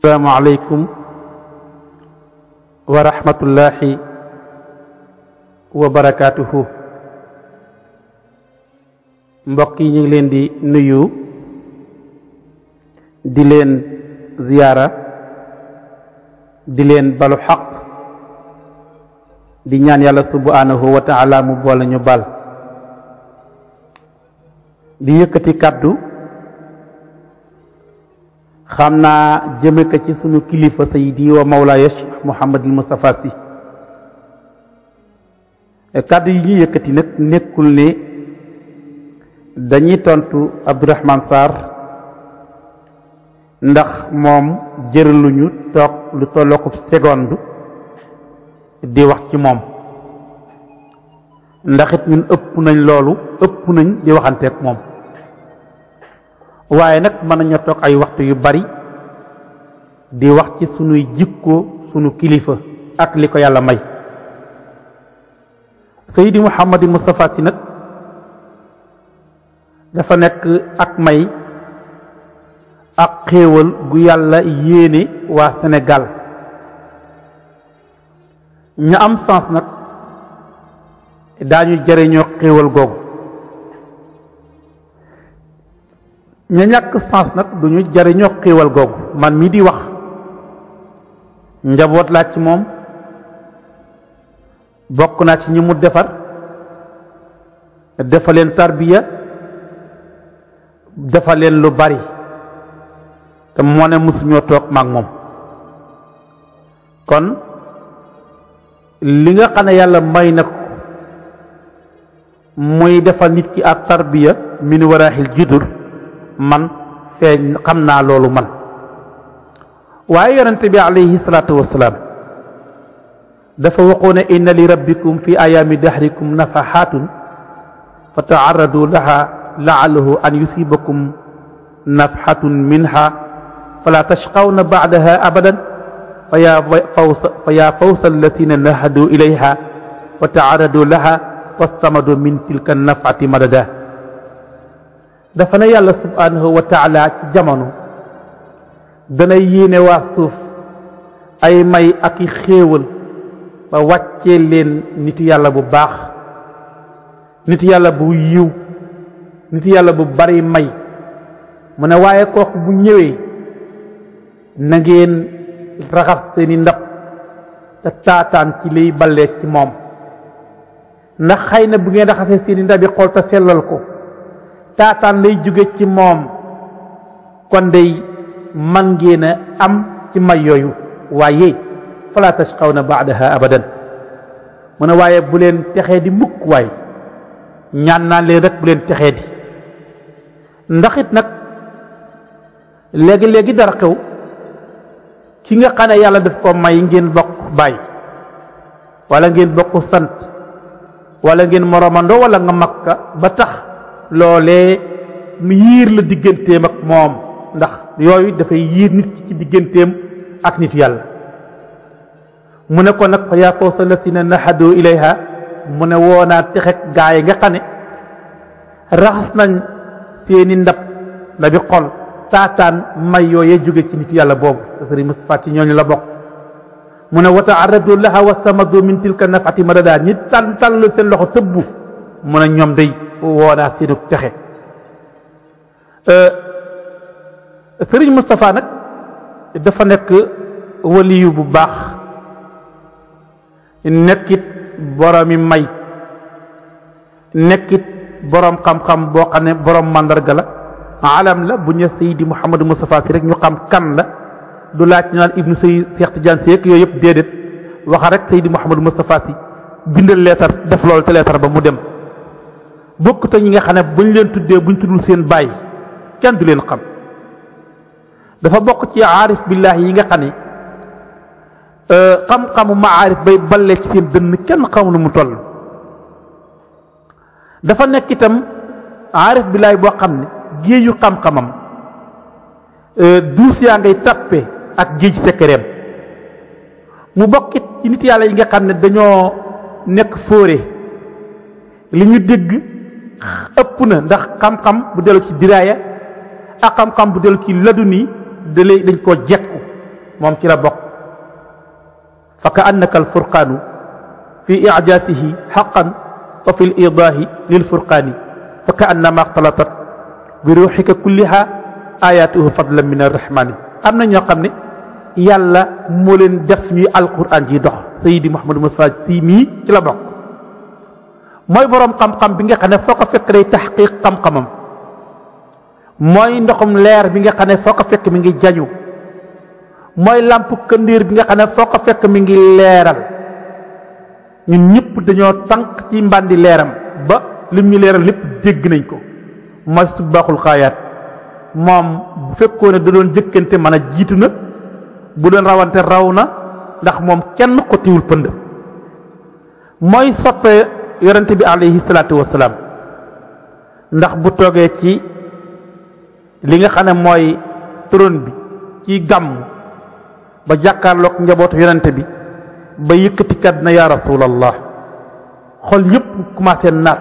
السلام عليكم ورحمة الله وبركاته di nuyu di leen ziyaara di leen balu di ñaan yàlla subhanahu wa taala bal di yëkkati kàddu xam naa jëme ko ci sunu kilifa sayidi wa mawlaaya cheikh Mouhamadul kàddu yi ñu yëkkati nag nekkul ne dañuy tontu Abdourahmane Sarr ndax moom jëraluñu toog lu tollookub seconde di wax ci moom ndax it ñun ëpp nañ loolu ëpp nañ di waxanteek moom waaye nag mën nañoo toog ay waxtu yu bari di wax ci sunuy jikko sunu kilifa ak li ko yàlla may Seydi Muhammadul Mustafa si nag dafa nekk ak may ak xéewal gu yàlla yéene waa Sénégal ña am sens nag daañu jëriñoo xéewal googu ñu ñàkk sens nag du ñu jariñoo xiiwal googu man mii di wax njaboot laa ci moom bokk naa ci ñi mu defar defal leen tarbiya defal leen lu bari te moo ne mosuñoo toog maag moom kon li nga xam ne yàlla may na ko muy defal nit ki ak tarbiya min waraaxil jidur man feñ xamna lolu man waye yaronte bi alayhi salatu wassalam dafa waxone ne inna li rabbikum fi ayami dahrikum nafahatun fata'arradu laha laalahu an yusibakum nafhatun minha fala tashqawna ba'daha abadan فيا فوز فيا فوز الذين نهدوا إليها وتعرضوا لها واستمدوا من تلك النفعة مددا dafa ne yàlla subhanahu wataala ci jamono dana yéene waa suuf ay may ak i xéewal ba wàccee leen nit yàlla bu baax nit yàlla bu yiw nitu yàlla bu bari may mu ne waaye kooku bu ñëwee na ngeen raxas seeni ndab te taataan ci liy ballee ci moom ndax xay na bu ngeen raxasee seeni ndab yi xool te sellal ko taataan lay jóge ci moom kon day man ngeen a am ci may yooyu waaye fala tashqawna baadaha abadan mu ne waaye bu leen texee di mukk waay ñaan naan leen rek bu leen texee di ndaxit nag léegi-léegi dara xew ki nga xane yàlla daf ko may ngeen bokk baay wala ngeen bokk sant wala ngeen moromandoo wala nga makka ba tax loolee mu yiir la digganteem ak moom ndax yooyu dafay yiir nit ki ci digganteem ak nit yàlla mu ne ko nag fa yaa fawsa na nahadu ilayha mu ne woonaa texe gaa yi nga xam raxas nañ seeni ndab ndabi xol taataan may yooyee jóge ci nit yàlla boobu te sëriñ Mustafaa ci ñooñu la bokk mu ne wa taaradu laha wastamadu min tilka ma madada ñi tàll tàll seen loxo tëbbu mu ne ñoom dey woonaat seenu texe euh, sëriñ Moustapha nag dafa nekk waliyu bu baax nekkit boroomi may nekkit boroom xam-xam boo xam ne boroom màndarga la alam la bu ñu Seydi Mouhamadou Moustapha si rek ñu xam kan la du laaj ñu naan ibnu Sey Cheikh Tidiane Seck yooyu yëpp déedéet waxa rek Seydi Mouhamadou Moustapha si bindal leetar def loolu te leetar ba mu dem bokkut ak ñi nga xam ne buñ leen tuddee buñ tuddul seen baay kenn du leen xam dafa bokk ci aarif billaahi yi nga xane ne euh, xam-xamu maarif bay ballee ci seen dënn kenn xamu nu mu toll dafa nekk itam aarif billaahi boo xam ne géeju xam-xamam euh, duus yaa ngay tàppe ak géej sekkereem mu bokkit ci nit yàlla yi nga xam ne dañoo nekk fóore li ñu dégg ëpp na ndax xam-xam bu delu ci diraaya ak xam-xam bu delu ci laduni da dañ ko jekku moom ci la bokk fa ka annaka al Furqanu, fi ijaasihi xaqan wa fi liidaahi lil furqaani fa ka ma xtalatat bi ruuxika kulliha ayaatuhu fadlan min arrahmaani am na ñoo xam ne yàlla moo leen def ñuy alquran ji dox sayidi musa si mii ci la bokk mooy boroom xam-xam bi nga xam ne foo ko fekk day taxqiq xam-xamam mooy ndoxum leer bi nga xam ne foo ko fekk mi ngi jañu mooy làmp këndiir bi nga xam ne foo ko fekk mi ngi leeral ñu ñëpp dañoo tànk ci mbàndi leeram ba lim ñu leeral lépp dégg nañ ko mooy su baaxul xaayaat moom bu fekkoon ne da doon jëkkante mën a jiitu na bu doon rawante raw na ndax moom kenn xottiwul pënd mooy soppe yonente bi alayhi salaatu wasalaam ndax bu toogee ci li nga xam ne mooy trône bi ci gàmm ba jàkkaarloog njaboot yonente bi ba yëkkatikat na yaa rasulallah xol yépp commencé naat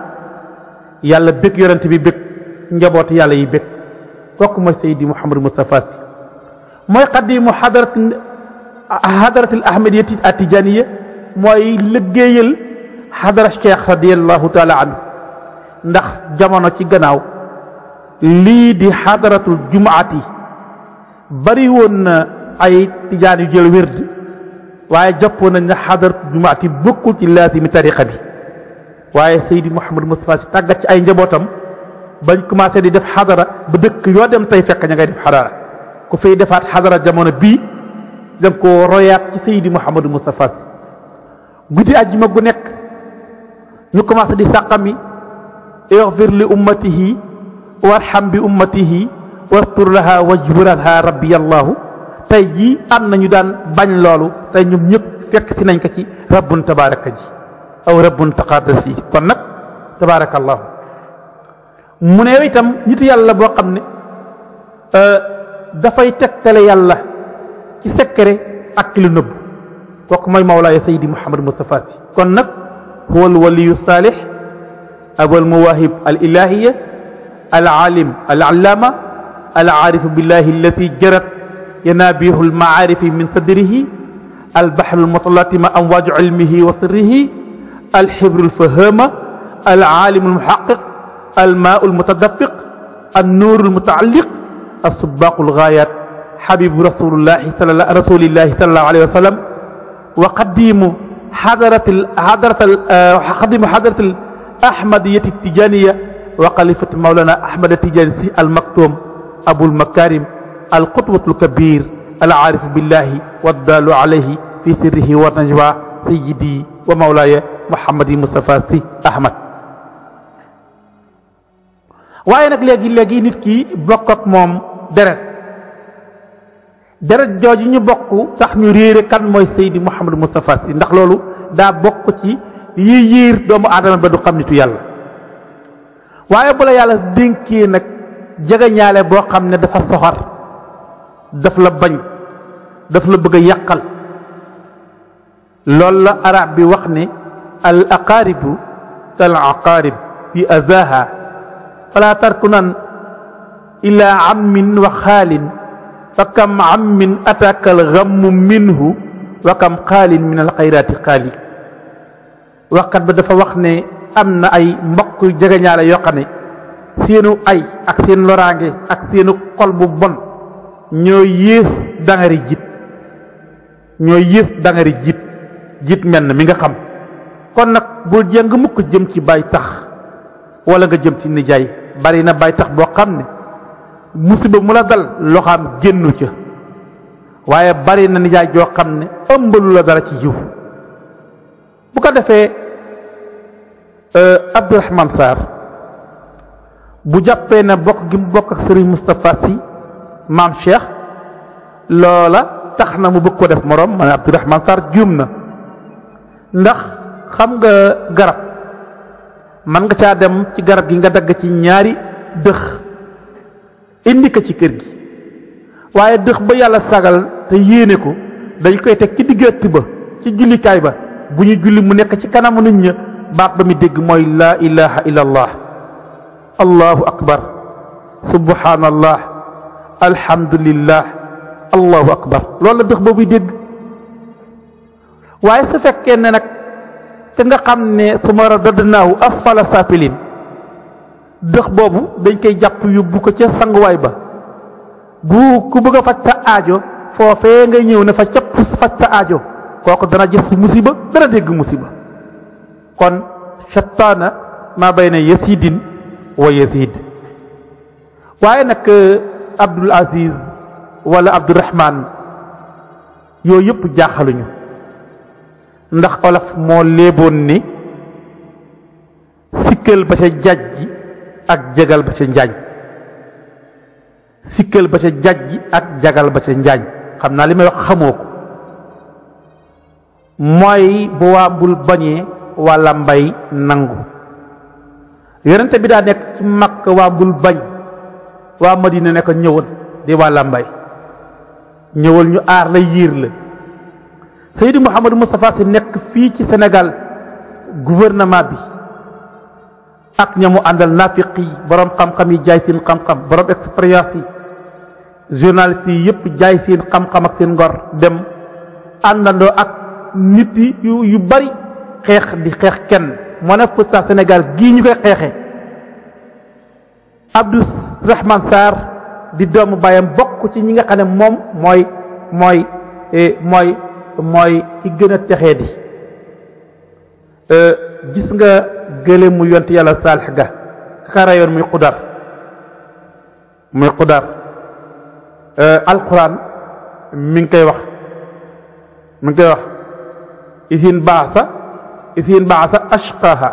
yàlla bëgg yonente bi bëgg njabootu yàlla yi bëgg kooku mooy saydi Mouhamadou Moustapha Sy mooy xadimu xadarat xadaratil ahmadiyati atijaniya mooy liggéeyal حضر الشيخ رضي الله تعالى عنه ندخ جمعنا في جناو لي دي حضرة الجمعة بري ون اي تجاني جل ورد وعي جبونا ان حضرة الجمعة بكل تلاتي من تاريخ بي وعي سيد محمد مصطفى ستاقش اي جبوتم بني كما سيدي دف حضرة بدك يودم تيفق نغاية دف حضرة كفي دفات حضرة جمعنا بي جمكو رويات سيد محمد مصطفى gudi aji magu nek ñu commencé di sàqami ixfir li ummatihi warham bi ummatihi wastur laha wajburalha rabbi allahu tey jii am nañu daan bañ loolu tey ñoom ñëpp fekk si nañ ko ci rabbun tabaraka ji aw rabbun taqaddas yi kon nag tabarakallahu mu ne itam nitu yàlla boo xam ne euh, dafay tegtale yàlla ci secret ak ci lu nëbb kooku mooy mawlaaya sayidi muhammad mustafa si kon nag هو الولي الصالح أبو المواهب الإلهية العالم العلامة العارف بالله الذي جرت ينابيع المعارف من صدره البحر المطلات المتلاطم أمواج علمه وسره الحبر الفهامة العالم المحقق الماء المتدفق النور المتعلق السباق الغايات حبيب رسول الله صلى الله, رسول الله صلى الله عليه وسلم وقديم حضرة حضرة ال... آه، حضرة الأحمدية التجانية وخليفة مولانا أحمد التجاني المكتوم أبو المكارم القطبه الكبير العارف بالله والدال عليه في سره ونجوى سيدي ومولاي محمد مصطفى سي أحمد waaye nag léegi léegi nit ki bokk deret jooju ñu bokk tax ñu réere kan mooy Seydi Mouhamadou Moustapha Sy ndax loolu daa bokk ci yi yiir doomu aadama ba du xam nitu yàlla waaye bu la yàlla dénkee nag jegeñaale boo xam ne dafa soxar daf la bañ daf la bëgg yàqal loolu la araab bi wax ne al aqaaribu al aqaarib fi azaha fala tarkunan ila ammin wa xaalin fa kam ammin ataka alxammu minhu wa kam xaalin min alxayraati xaali waxkat bi dafa wax ne am na ay mbokk jegeñaale yoo xam ne seenu ay ak seen loraange ak seenu xol bu bon ñoo yées dangari jiit ñoo yées dangari jiit jiit menn mi nga xam kon nag bul jeng mukk jëm ci bay tax wala nga jëm ci nijaay bari na bay tax boo xam ne musiba mu la dal loxaam gennu ci waye bari na nijaay joo xam ne ëmbalu la dara ci jiw bu ko euh abdourahman sar bu jappé na bok gi bok ak serigne mustapha si maam cheikh lola taxna mu bëgg ko def morom man abdourahman jumna ndax xam nga garab man nga ca dem ci garab gi nga dag ci ñaari dekh indi ko ci kër gi waaye dëx ba yàlla sagal te yéene ko dañ koy teg ci diggante ba ci jullikaay ba bu ñu julli mu nekk ci kanamu nit ña baat ba mu dégg mooy laa ilaha illallah allahu akbar subhanallah alhamdulillah allahu akbar loolu la dëx boobu dégg waaye su fekkee ne te nga xam ne suma radadnaahu asfala saafiliin dox boobu dañ koy jàpp yóbbu ko ca sanguwaay ba bu ku bëgg a faj sa aajo foofee ngay ñëw ne fa capp faj sa aajo kooku dana gis musiba dana dégg musiba kon shattaana ma bayna yasidin wa yasid waaye nag euh, abdul aziz wala abdurahman yooyu yëpp jaaxaluñu ndax olaf moo léeboon ni sikkal ba ca jajj ak jagal ba ca njaañ sikkal ba ca ak jagal ba ca njaañ xam naa li may wax xamoo ko mooy bu waambul bañee walla mbay nangu yonente bi daa nekk ci mag waambul bañ waa madina nekk ñëwal di walla mbay ñëwal ñu aar la yiir la Seydi Mouhamadou Moustapha Sy nekk fii ci Sénégal gouvernement bi ak ña mu àndal naafiq yi boroom xam-xam yi jaay seen xam-xam borom expérience yi journaliste yi yëpp jaay seen xam-xam ak seen ngor dem àndandoo ak nit yi yu bari xeex di xeex kenn moo ne postat Sénégal gii ñu koy xeexe Abdou Rahman Sarr di doomu bàyyam bokk ci ñi nga xam ne moom mooy mooy eh, mooy mooy ki gën a di eh, gis nga gële mu yont yàlla saalix ga xara yoon muy qudar muy qudar alquran mi ngi koy wax mi ngi koy wax isin baasa isin baasa ashqaha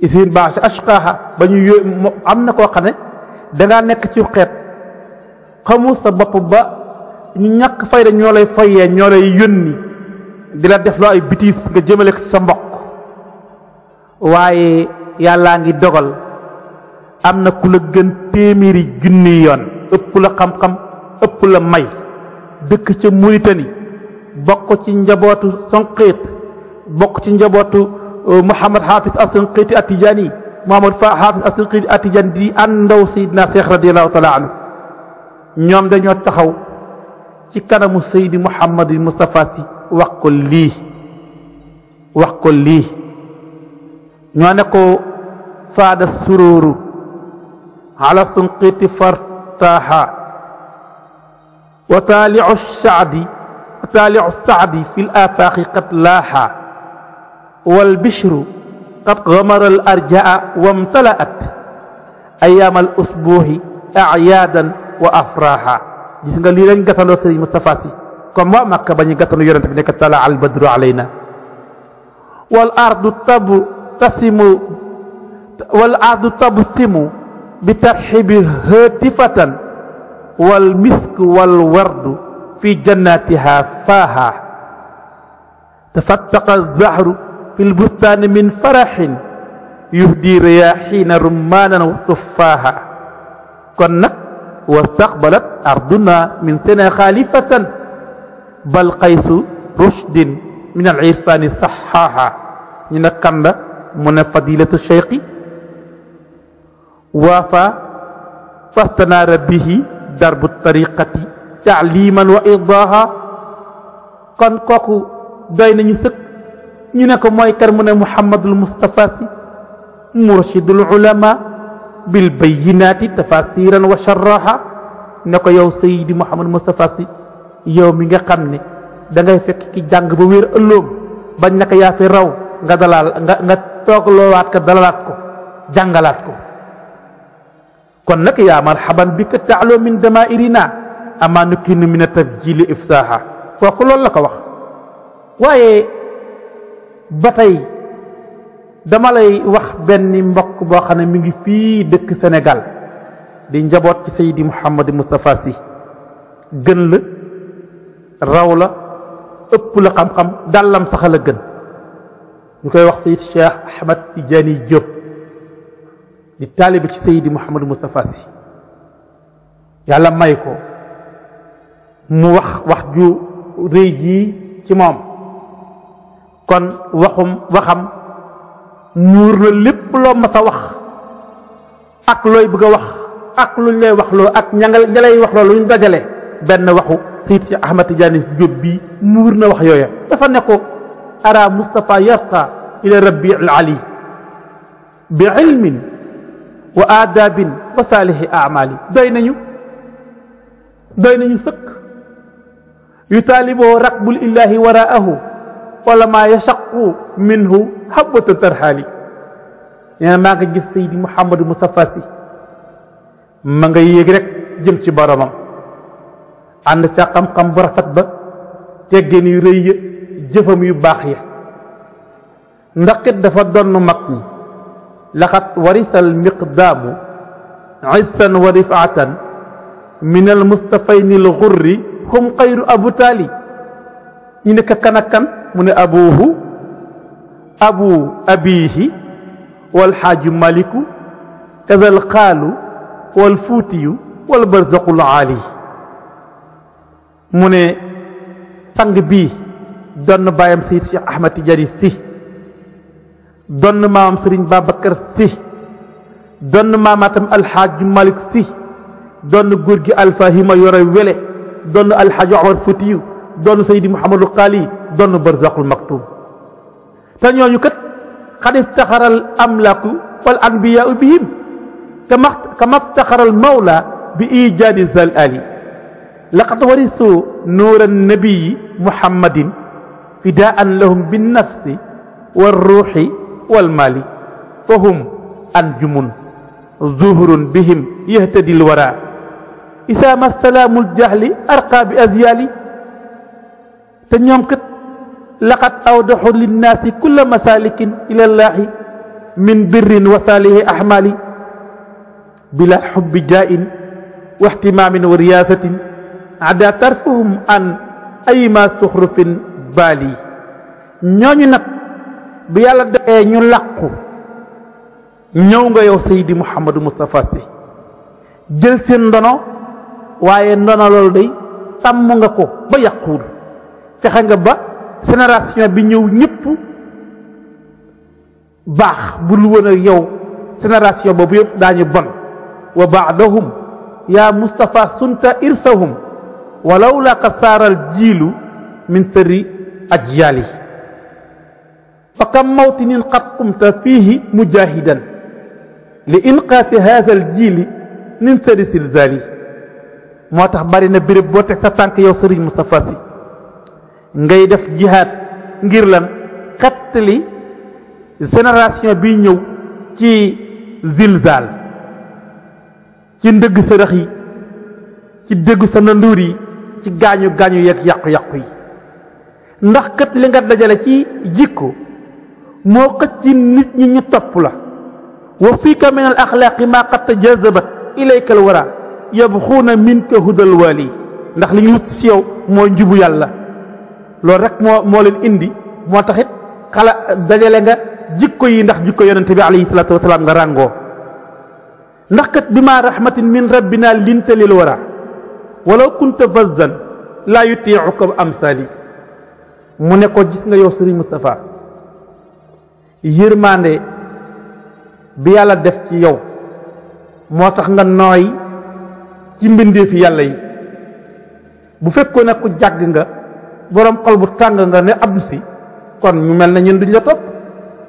isin baasa ashqaha ba ñu yó am na koo xam ne dangaa nekk ci xeet xamu sa bopp ba ñu ñàkk fayda ñoo lay fayee ñoo lay yónni di la def loo ay bitiis nga jëmale ko ci sa mbokk waaye yàllaa ngi dogal am na ku la gën téeméeri junni yoon ëpp la xam-xam ëpp la may dëkk ca Mauritanie bokk ci njabootu Sonqeet bokk ci njabootu euh, Mouhamad Hafiz as-Sonqeeti at-Tijaani Mouhamad Fa Hafiz as di àndaw Seydina Cheikh radiyallahu taala anhu ñoom dañoo taxaw ci kanamu Seydi Mouhamad Moustapha si wax ko lii wax ko lii نانكو صاد السرور على سنقيت فرتاحا وتالع السعد وتالع السعد في الآفاق قد لاحا والبشر قد غمر الأرجاء وامتلأت أيام الأسبوع أعيادا وأفراحا جسنا ليرن قتل سري مصطفى كما مكة قتل يرن تبني قتل البدر علينا والأرض تبو تبتسم والأرض تبسم بترحيب هاتفة والمسك والورد في جناتها فاها تفتق الزهر في البستان من فرح يهدي رياحين رمانا وتفاها كنا واستقبلت أرضنا من سنة خالفة بل قيس رشد من العرفان صحاها من الكمبة من فضيلة الشيخ وفا فاستنا به درب الطريقة تعليما وإضاها كان كوكو داين نسك نينكو مايكر من محمد المصطفى مرشد العلماء بالبينات تفاسيرا وشراها نكو يو سيدي محمد المصطفى يوم ميغا خامني داغي فك كي جانغ بوير الوم با نكا يافي راو nga dalal toog loowaat ko dalalaat ko jàngalaat ko kon nag yaa marhaban bi ka taaloo min damairina amaa nukkinu min a tabjili ifsaaha kooku loolu la ko wax waaye ba tey dama lay wax benn mbokk boo xam ne mi ngi fii dëkk senegal di njaboot ci Seydi Mouhamed Moustapha Sy gën la raw la ëpp la xam-xam dàllam sax la gën ñu koy wax sayid cheikh ahmad tijaani Diop di taalibe ci sayidi mouhamadou moustapha si yàlla may ko mu wax wax ju rëy jii ci moom kon waxum waxam muur na lépp loo mas a wax ak looy bëgg a wax ak luñ lay wax loo ak ña nga lay wax loo ñu dajale benn waxu sayid cheikh ahmad tijaani Diop bii muur na wax yooya dafa nekk أرى مصطفى يرقى إلى ربيع العلي بعلم وآداب وصالح أعمال دينيو دينيو سك يطالبه رقب الإله وراءه ولما يشق منه حبة ترحالي يا ما جس سيدي محمد مصطفى سي ما nga yéeg rek jëm ci boromam ànd ca xam-xam bu rafet جفم يباخي نقد فضن مقن لقد ورث المقدام عثا ورفعة من المصطفين الغر هم قير أبو تالي إنك كان كان من أبوه أبو أبيه والحاج مالك كذا القال والفوتي والبرزق العالي من تنجبيه donn baayam si Cheikh Ahmad Tidiane si donn maamam Serigne Babacar si donn maamaatam Alxaaji Malick si donn góor gi Alfahima yore wele donn Alxaaji Omar Foutiyu donn Seydi Mouhamadou Xaali donn Barzaqul Maktum te ñooñu kat xad iftaxaral amlaaku wal anbiyaau bihim kama iftaxaral mawla bi ijaadi zal ali laqad warisu nuura nabii muhammadin فداء لهم بالنفس والروح والمال فهم أنجم ظهر بهم يهتدي الورى إذا ما السلام الجهل أرقى بأزيالي تنيمكت لقد أوضح للناس كل مسالك إلى الله من بر وصالح أحمال بلا حب جاء واهتمام ورياسة عدا ترفهم عن أي ما سخرف baal yi ñooñu nag bi yàlla defee ñu làqu ñëw nga yow Seydi Mouhamadou Moustapha Sy jël seen ndono waaye ndono loolu day sàmm nga ko ba yàquwul fexe nga ba génération bi ñëw ñëpp baax bu lu woon ak yow génération boobu yëpp daañu bon wa baadahum yaa Moustapha sunta irsahum walaw la ka saaral jiilu min ak yali fa kam mawtinin qatum ta fihi mujahidan li inqati hadha al jil min tadis al zali motax bari na bir bo tek tank yow serigne mustafa fi ngay def jihad ngir lan qatli generation bi ñew ci zilzal ci ndeug sa rax yi nduri ci gañu gañu yak yak yak ndax kat li nga dajale ci jikko moo xëcc ci nit ñi ñu topp la wa fiika min al axlaaqi maa qad tajazabat ilayka al wara yabxuuna minka hudal wali ndax li ñu wut si yow njubu yàlla loolu rek moo moo leen indi moo taxit xala dajale nga jikko yi ndax jikko yonente bi alayhi salaatu wasalaam nga ràngoo ndax kat bi ma rahmatin min rabbina linta lil wara walaw kunta fazzan laa yutiicuka amsaali mu ne ko gis nga yow sëriñ Moustapha yërmande bi yàlla def ci yow moo tax nga nooy ci mbindeefi yàlla yi bu fekkoon ne ku jàgg nga boroom xol bu tàng nga ne abdu si kon ñu mel na ñun duñ la topp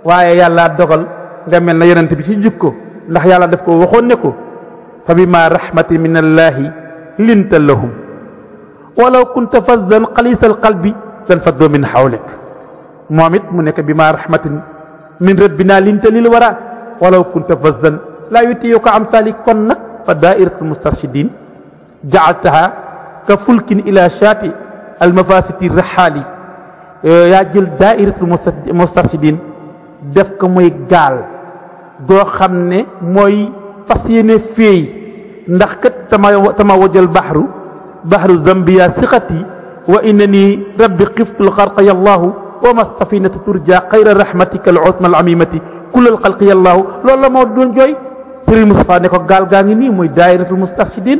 waaye yàlla dogal nga mel na yonent bi ci jikko ndax yàlla def ko waxoon ne ko fa bima rahmati min allahi linta lahum walaw kunta fazan xalisal lan faddu min hawlik moom it mu nekk bi ma rahmatin min rabbina linta lil wara walaw kunta fazdan la yutiyoka am sali kon nag fa dairatul mustarshidin ja'altaha ka fulkin ila shati al mafasiti rahali yaa jël dairatul mustarshidin def ko muy gaal goo xam ne mooy fas yéene féey ndax kat tama tama wajal baxru baxru zambiya siqati وإنني رب قفت الغرق يا الله وما السفينة ترجى خير رحمتك العثمى العميمة كل الخلق يا الله لولا ما ودون جوي سري مصطفى نيكو قال قانيني موي دائرة المستشدين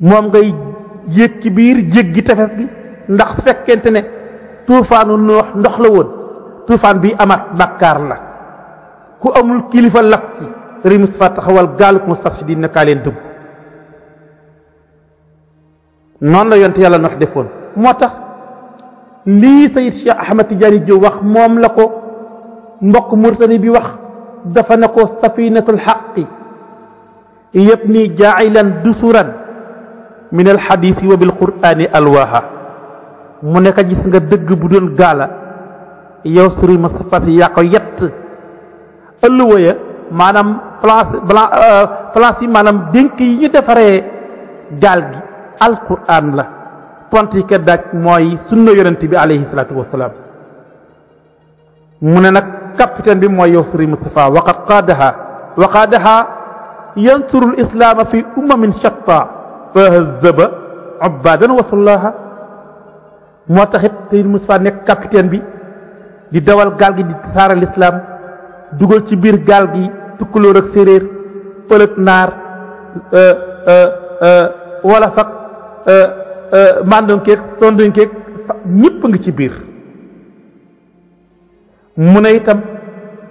موام غي يك كبير يك جتفس دي ndax fekkente ne tuufaanu noox ndox la woon tuufaan bi amat bakkaar la ku amul kilifa lab ci sëriñ Moustapha taxawal gaalu non la yonte yàlla nox defoon motax li sayyid Cheikh Ahmad Tidiane Diop wax mom la ko mbok murtani bi wax dafa nako safinatul haqq yabni ja'ilan dusuran min al hadith wa bilqurani alwaaha mu nekk gis nga deug bu doon gaala yow suri ma safas yaa ko yett ëlluwaya manam place place manam maanaam dénk yi ñu defare gaal gi القران لا بونتي كداك موي سنة يونتي بي عليه الصلاه والسلام من نك كابتن بي موي يسري مصطفى وقد قادها وقادها ينصر الاسلام في امم شتى وهذب عبادا وصلاها موتاخيت تير مصطفى نك كابتن بي دي دوال غالغي دي سار الاسلام دوجل سي بير غالغي تكلور اك سرير فلت نار ا أه ا أه ا أه ولا فق Euh, euh, mandunkeeg sondunkeeg ñépp ngi ci biir mu ne itam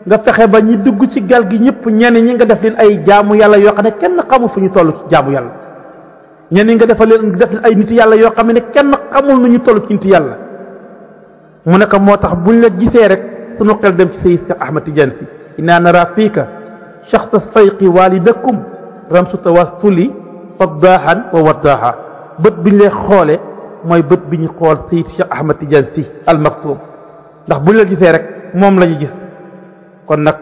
nga fexe ba ñi dugg ci gal gi ñëpp ñenn ñi nga def leen ay jaamu yàlla yoo xam ne kenn xamul fu ñu toll ci jaamu yàlla ñenn ñi nga defa leen def leen ay nit yàlla yoo xam ne kenn xamul nu ñu toll ci nit yàlla mu ne ko moo tax buñ la gisee rek sunu xel dem ci Seydi Cheikh Ahmad Tidiane Sy inaa nara fiika shaxsa sayqi walidakum ramsu tawassuli faddaahan wa waddaaha bët bi ñu lay xoolee mooy bët bi ñu xool Sayid Cheikh Ahmad Tidiane Sy Al Maktoum ndax bu ñu la gisee rek moom la ñu gis kon nag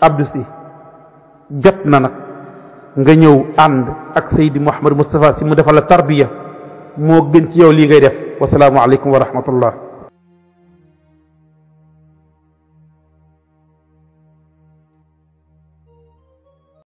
Abdou Sy jot na nag nga ñëw ànd ak sayyid mohammed mustafa si mu defal tarbiya mo gën ci yow li ngay def wa salaamu alaykum wa rahmatullah